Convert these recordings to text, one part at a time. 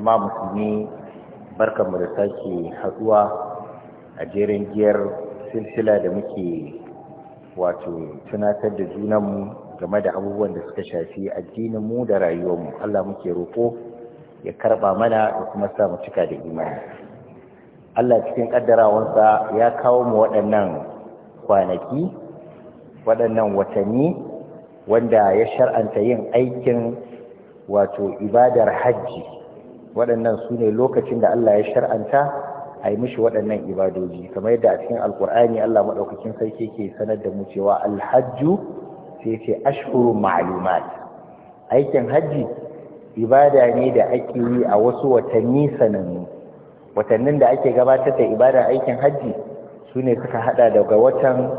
jama'a musulmi mu da sake haduwa a jerin giyar silsila da muke wato tunatar da junanmu game da abubuwan da suka shafi addinin mu da rayuwarmu Allah muke roƙo ya karba mana da kuma sa mu cika da imani Allah cikin kaddarawansa ya kawo mu waɗannan kwanaki waɗannan watanni wanda ya shar'anta yin aikin wato ibadar hajji waɗannan su ne lokacin da Allah ya shar'anta a yi mishi waɗannan ibadoji kamar yadda a cikin alkur'ani Allah maɗaukakin sarki ke sanar da mu cewa alhajju sai ce ashhuru ma'lumat aikin hajji ibada ne da ake yi a wasu watanni sanannu watannin da ake gabatar da ibada aikin hajji su ne suka hada daga watan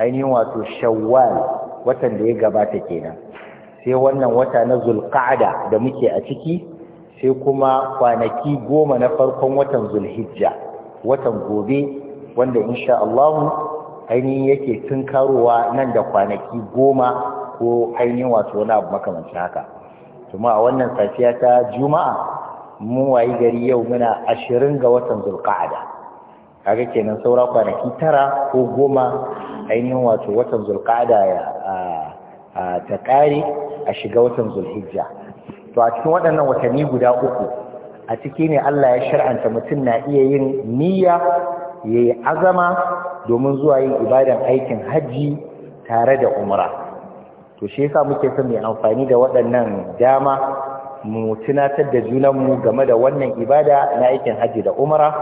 ainihin wato shawwal watan da ya gabata kenan sai wannan wata na zulƙa'ada da muke a ciki sai kuma kwanaki goma na farkon watan zulhijja watan gobe wanda insha Allah ainihin yake karowa nan da kwanaki goma ko ainihin wato wani abu makamancin haka kuma a wannan safiya ta juma'a mun wayi gari yau muna ashirin ga watan zulqa'ada kaga kenan saura kwanaki tara ko goma ainihin wato watan zulqa'ada ya ta ƙare a shiga watan zulhijja to a cikin waɗannan watanni guda uku a ciki ne Allah ya shar'anta mutum na iya yin niyya ya yi azama domin zuwa yin ibadan aikin hajji tare da umara to shi yasa muke son mai amfani da waɗannan dama mu tunatar da mu game da wannan ibada na aikin hajji da umara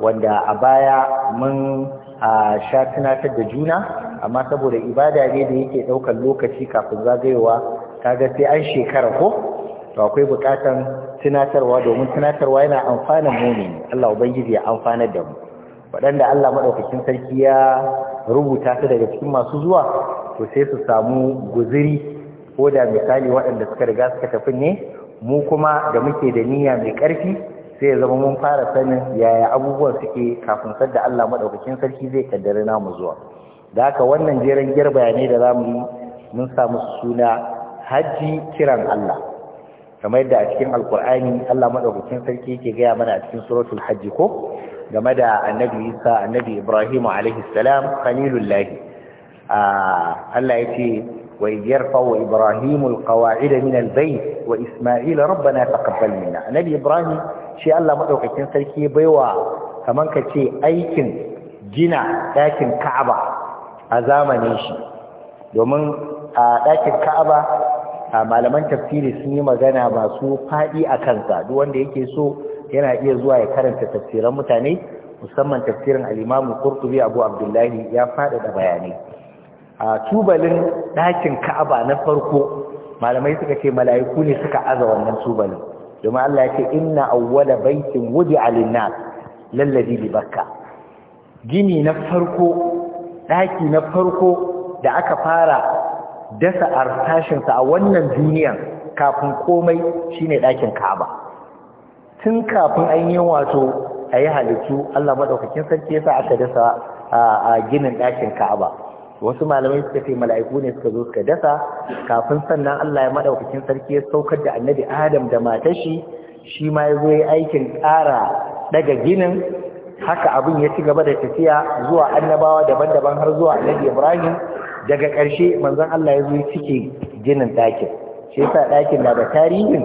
wanda a baya mun a sha tunatar da juna amma saboda ibada ne da yake ɗaukar lokaci kafin zagayowa kaga sai an shekara ko to akwai bukatan tunatarwa domin tunatarwa yana mu ne Allah ubangiji ya amfanar da mu waɗanda Allah madaukakin sarki ya rubuta su daga cikin masu zuwa to sai su samu guziri ko da misali waɗanda suka riga suka tafi ne mu kuma da muke da niyya mai ƙarfi sai ya zama mun fara sanin yaya abubuwan suke kafin sadda Allah maɗaukakin sarki zai kaddara namu zuwa da haka wannan jeren gyar bayanai da za mu yi mun samu suna hajji kiran Allah kamar yadda a cikin alkur'ani Allah madaukakin sarki yake gaya mana a cikin suratul hajj ko game da annabi Isa annabi Ibrahim alaihi salam khalilullahi Allah yace wa yarfa wa Ibrahim alqawa'id min albayt wa Isma'il rabbana taqabbal minna annabi Ibrahim shi Allah madaukakin sarki baiwa kaman kace aikin gina dakin Ka'aba a zamanin shi domin a dakin Ka'aba a malaman tafsiri sun yi magana masu faɗi a kansa duk wanda yake so yana iya zuwa ya karanta tafsiran mutane musamman tafsirin alimamu kurkubi, Abu Abdullahi ya faɗaɗa bayanai a tubalin ɗakin Ka'aba na farko malamai suka ce mala'iku ne suka aza wannan tubalin domin Allah ya ce inna awwala baitin wudi lin-nas bi Bakka gini na farko ɗaki na farko da aka fara dasa artashinsa a wannan duniyar kafin komai shine dakin ka'aba. tun kafin an yi wato a yi halittu Allah maɗaukakin sarki yasa aka dasa a ginin ɗakin ka'aba. wasu malamai suka ce mala'iku ne suka zo suka dasa kafin sannan Allah ya maɗaukakin sarki ya saukar da annabi adam da matar shi shi ma ya zo ya aikin ƙara daga ginin haka abin ya ci gaba da tafiya zuwa annabawa daban-daban har zuwa annabi ibrahim daga ƙarshe manzon Allah ya zo cike ginin ɗakin shi yasa ɗakin na da tarihin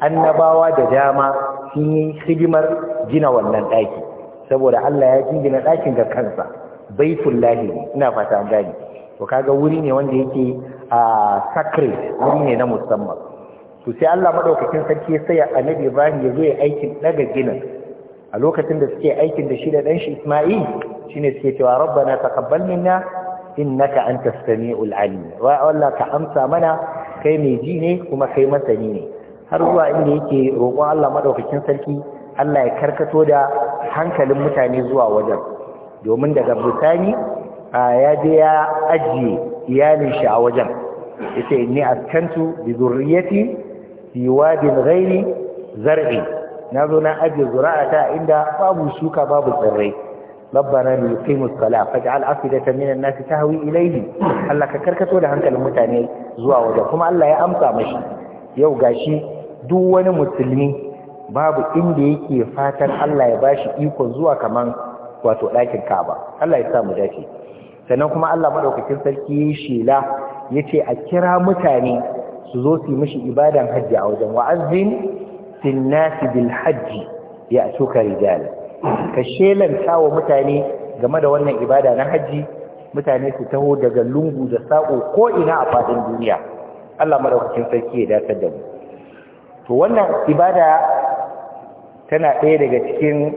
annabawa da dama sun yi hidimar gina wannan ɗaki saboda Allah ya jingina ɗakin ga kansa baitullahi ne ina fata an gani to kaga wuri ne wanda yake a sacred wuri ne na musamman to sai Allah madaukakin sarki ya saya annabi Ibrahim ya zo ya aiki daga ginin a lokacin da suke aikin da shi da dan shi Isma'il shine suke cewa rabbana taqabbal minna innaka antas samiul alim wa Allah ka amsa mana kai mai ji ne kuma kai masani ne har zuwa inda yake roƙon Allah madaukakin sarki Allah ya karkato da hankalin mutane zuwa wajen domin daga bisani ya je ya ajiye iyalin shi a wajen yace inni askantu bi zurriyati fi wadin ghairi zar'i na zo na ajiye zuri'ata inda babu shuka babu tsirrai ربنا ليقيموا الصلاة فاجعل أفئدة ta الناس تهوي إليه الله karkato da hankalin mutane zuwa wajen kuma Allah ya amsa mashi yau gashi duk wani musulmi babu inda yake fatan Allah ya bashi ikon zuwa kamar wato ɗakin kaba. Allah ya sa mu dace sannan kuma Allah madaukakin sarki shela yace a kira mutane su zo su yi mishi ibadan hajji a wajen wa'azzin fil bilhajji bil hajji ya tuka ka shelanta wa mutane game da wannan ibada na haji, mutane su taho daga lungu da saƙo ko ina a faɗin duniya Allah madaukakin sarki ya dace da mu to wannan ibada tana ɗaya daga cikin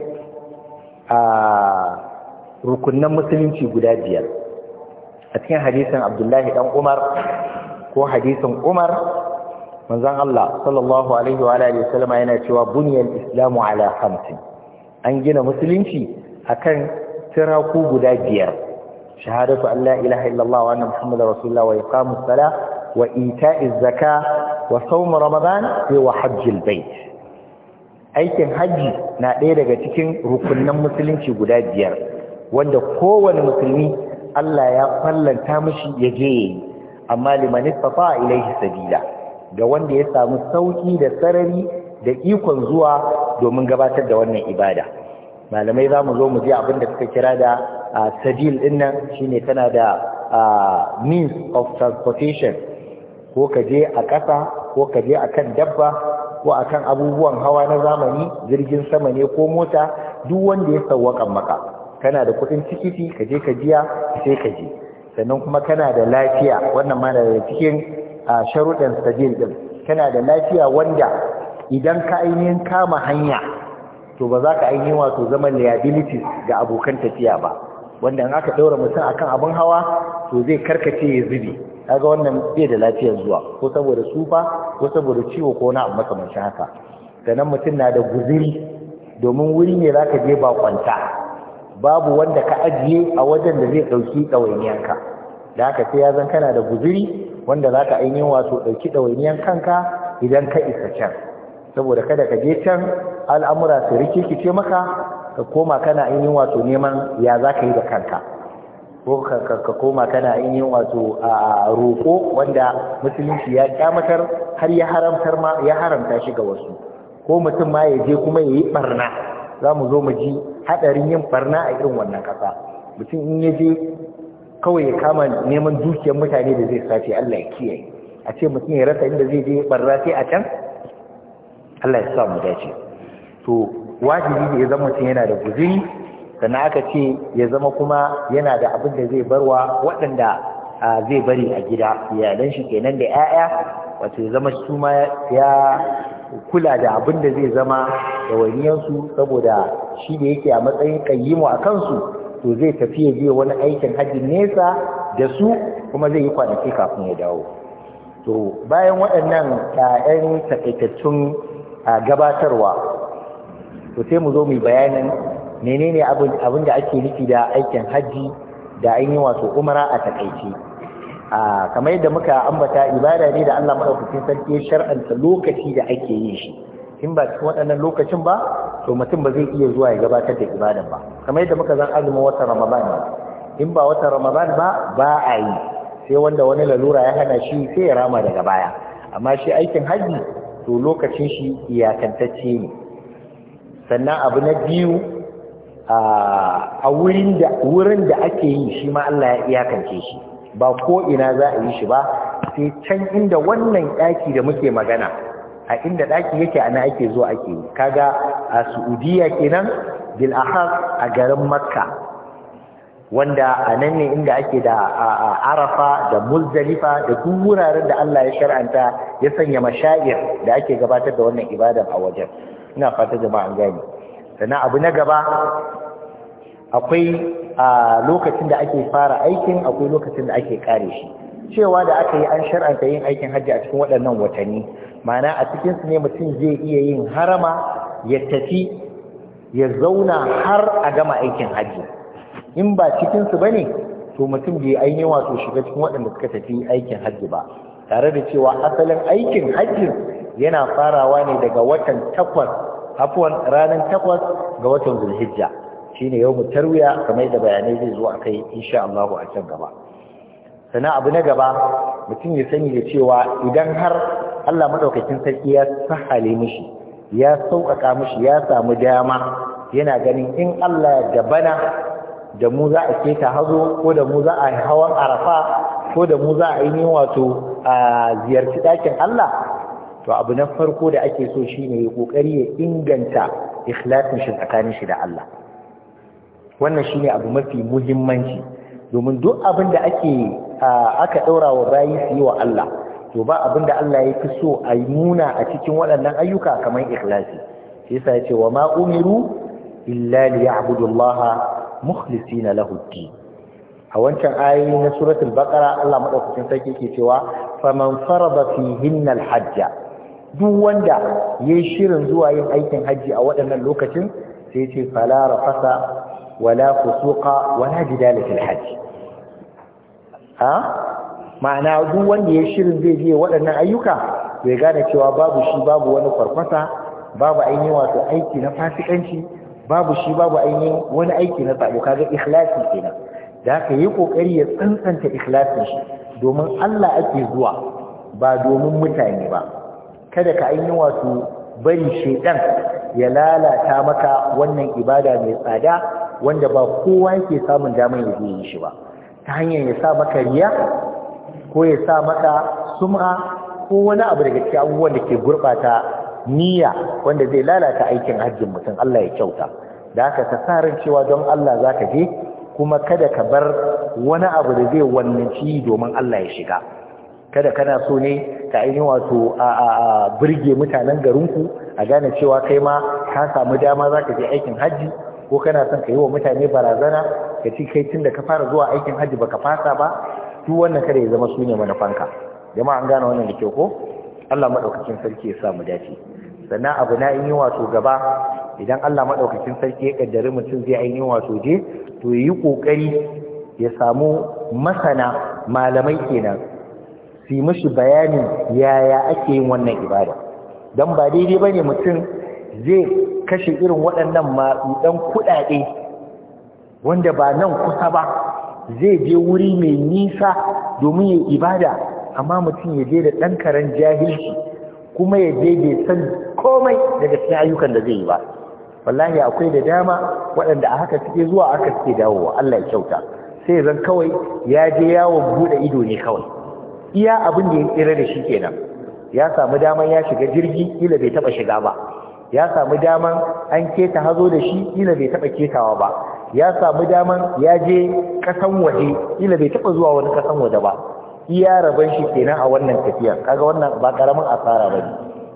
a rukunnan musulunci guda biyar a cikin hadisin Abdullahi dan Umar ko hadisin Umar manzon Allah sallallahu alaihi wa alihi wasallama yana cewa buniyal islamu ala khamsin an gina musulunci akan tiraku guda biyar shahadatu an la ilaha illallah wa anna muhammadar rasulullah wa iqamus sala wa ita zaka wa saumu ramadan sai wa hajjil bait aikin hajji na ɗaya daga cikin rukunnan musulunci guda biyar wanda kowane musulmi Allah ya fallanta mishi ya je yayi amma liman istafa ilaihi sabila ga wanda ya samu sauki da sarari da ikon zuwa domin gabatar da wannan ibada malamai za mu zo mu ji abin da suka kira da sadil din nan shine tana da means of transportation ko ka je a ƙasa ko ka je a kan dabba ko a kan abubuwan hawa na zamani jirgin sama ne ko mota duk wanda ya sauwaƙan maka kana da kuɗin tikiti ka je ka jiya sai ka je sannan kuma kana da lafiya wannan ma da cikin sharuɗin sadil ɗin kana da lafiya wanda idan ka ainihin kama hanya to ba za ka ainihin wato zama liabilities ga abokan tafiya ba wanda in aka ɗaura mutum akan abin hawa to zai karkace ya zubi kaga wannan bai da lafiyar zuwa ko saboda tsufa ko saboda ciwo ko na abu makamancin haka nan mutum na da guziri domin wuri ne zaka je ba kwanta babu wanda ka ajiye a wajen da zai ɗauki ɗawainiyanka da haka sai ya zan kana da guziri wanda zaka ainihin wato ɗauki ɗawainiyan kanka idan ka isa can saboda kada ka je can al'amura su rikikice maka ka koma kana ainihin wato neman ya za ka yi da kanka ko ka koma kana ainihin wato a roƙo wanda musulunci ya kyamatar har ya haramtar ma ya haramta shi ga wasu ko mutum ma ya je kuma ya yi barna za mu zo mu ji haɗarin yin barna a irin wannan ƙasa mutum in ya je kawai ya kama neman dukiyar mutane da zai sace Allah ya kiyaye a ce mutum ya rasa inda zai je barna sai a can Allah ya sa mu dace to wajibi ne ya zama mutum yana da guzuri sannan aka ce ya zama kuma yana da abin da zai barwa waɗanda zai bari a gida iyalan shi kenan da 'ya'ya wato ya zama su ma ya kula da abin da zai zama da waniyansu saboda shi da yake a matsayin kayyimu a kansu to zai tafi ya je wani aikin hajji nesa da su kuma zai yi kwanaki kafin ya dawo to bayan waɗannan 'ya'yan taƙaitattun gabatarwa to sai mu zo mu bayanin menene abin da ake nufi da aikin hajji da ainihin wato umara a takaice a kamar yadda muka ambata ibada ne da Allah madaukakin sarki ya shar'anta lokaci da ake yin shi in ba cikin waɗannan lokacin ba to mutum ba zai iya zuwa ya gabatar da ibada ba kamar yadda muka zan azumin watan ramadan in ba watan ramadan ba ba a yi sai wanda wani lalura ya hana shi sai ya rama daga baya amma shi aikin hajji to lokacin shi iyakantacce ne sannan abu na biyu a wurin da ake yi shi ma Allah ya iyakance shi ba ko ina za a yi shi ba sai can inda wannan ɗaki da muke magana a inda ɗaki yake ana ake zuwa ake yi kaga a su'udiyya kenan bil a garin Makka wanda a nan ne inda ake da arafa da muzdalifa da duk wuraren da Allah ya shar'anta ya sanya mashayir da ake gabatar da wannan ibadan a wajen ina fata jama'an gani sannan abu na gaba akwai a lokacin da ake fara aikin akwai lokacin da ake kare shi cewa da aka yi an shar'anta yin aikin hajji a cikin waɗannan watanni ma'ana a cikin su ne mutum zai iya yin harama ya tafi ya zauna har a gama aikin hajji in ba cikinsu ba ne to mutum bai ainihin wato shiga cikin waɗanda suka tafi aikin hajji ba tare da cewa asalin aikin hajji yana farawa ne daga watan takwas afuwan ranar takwas ga watan zulhijja shine yau tarwiya kamar da bayanai zai zo a kai insha Allah a can gaba sannan abu na gaba mutum ya sani da cewa idan har Allah madaukakin sarki ya sahale mishi ya sauƙaƙa mishi ya samu dama yana ganin in Allah da bana da mu za a keta hazo ko da mu za a hawan arafa ko da mu za a yi wato a ziyarci ɗakin Allah to abu na farko da ake so shine ya kokari ya inganta ikhlasin shi tsakanin shi da Allah wannan shine abu mafi muhimmanci domin duk abin da ake aka daura wa bayi su yi wa Allah to ba abin da Allah ya fi so a nuna a cikin waɗannan ayyuka kamar ikhlasi shi yasa ya ce wa ma umiru illa liya'budu Allah Muhlisi na ddin a wancan ayoyi na suratul baqara Allah madaukakin sarki yake cewa faman farada fihinna alhajja duk wanda yayi shirin zuwa yin aikin haji a waɗannan lokacin sai ce fala rafasa wala fusuqa wala jidala fil hajj ha ma'ana duk wanda ya shirin zai je waɗannan ayyuka bai gane cewa babu shi babu wani farfasa babu ainihin wato aiki na fasikanci babu shi babu ainihin wani aiki na sabo kaga ikhlasi kenan da ka yi kokari ya tsantsanta ikhlasin shi domin Allah ake zuwa ba domin mutane ba kada ka ainihin wato bari shedan ya lalata maka wannan ibada mai tsada wanda ba kowa yake samun damar ya yi shi ba ta hanyar ya sa maka riya ko ya sa maka sum'a ko wani abu daga cikin abubuwan da ke gurɓata. niyya wanda zai lalata aikin hajjin mutum Allah ya kyauta da haka ka sa cewa don Allah za ka je kuma kada ka bar wani abu da zai wannanci domin Allah ya shiga kada kana so ne ka yi wato a birge mutanen ku, a gane cewa kai ma ka samu dama za ka je aikin hajji ko kana son ka yi wa mutane barazana ka ci kai tun da ka fara zuwa aikin hajji baka fasa ba duk wannan kada ya zama su ne manufanka jama'a an gane wannan da kyau ko Allah madaukakin sarki ya sa mu dace sannan abu na in yi wato gaba idan Allah maɗaukacin sarki ya ƙaddari mutum zai ainihin wato je to yi ƙoƙari ya samu masana malamai kenan su mishi bayanin yaya ake yin wannan ibada don ba daidai ba ne mutum zai kashe irin waɗannan ɗan kuɗaɗe wanda ba nan kusa ba zai je wuri mai nisa domin ya ibada amma mutum ya je da ɗan karen jahilci kuma ya je bai san komai daga cikin ayyukan da zai yi ba wallahi akwai da dama waɗanda a haka suke zuwa aka suke dawowa Allah ya kyauta sai zan kawai ya je yawon bude ido ne kawai iya abin da ya tsira da shi kenan ya samu daman ya shiga jirgi kila bai taba shiga ba ya samu daman an keta hazo da shi kila bai taba ketawa ba ya samu daman ya je kasan waje kila bai taba zuwa wani kasan waje ba iya rabon shi kenan a wannan tafiya kaga wannan ba karamin asara bane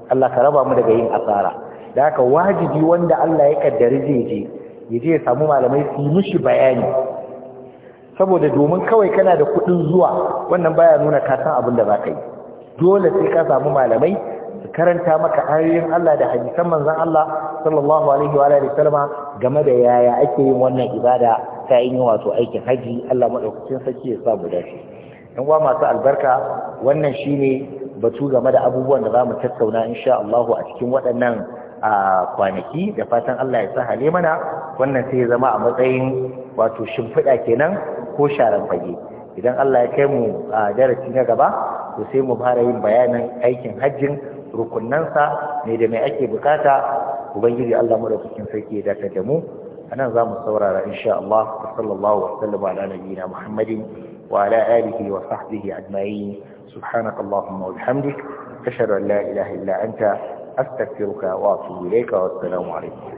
Allah ka raba mu daga yin asara da haka wajibi wanda Allah ya kaddari zai je ya je ya samu malamai su yi mishi bayani saboda domin kawai kana da kuɗin zuwa wannan baya nuna ka san abin da za yi dole sai ka samu malamai su karanta maka ayoyin Allah da hadisan manzon Allah sallallahu alaihi wa alihi wasallama game da yaya ake yin wannan ibada ta yin wato aikin haji Allah madaukakin sarki ya sa mu dace yan uwa masu albarka wannan shine batu game da abubuwan da zamu tattauna insha allahu a cikin waɗannan kwanaki da fatan Allah ya sa hale mana wannan sai ya zama a matsayin wato shimfiɗa kenan ko sharan fage idan Allah ya kai mu a darasi na gaba to sai mu fara yin bayanin aikin hajjin rukunansa ne da mai ake bukata ubangiji Allah madaukakin sarki ya dace da mu anan zamu saurara insha Allah sallallahu alaihi wa sallam ala nabiyina Muhammadin وعلى آله وصحبه أجمعين سبحانك اللهم وبحمدك أشهد أن لا إله إلا أنت أستغفرك وأتوب إليك والسلام عليكم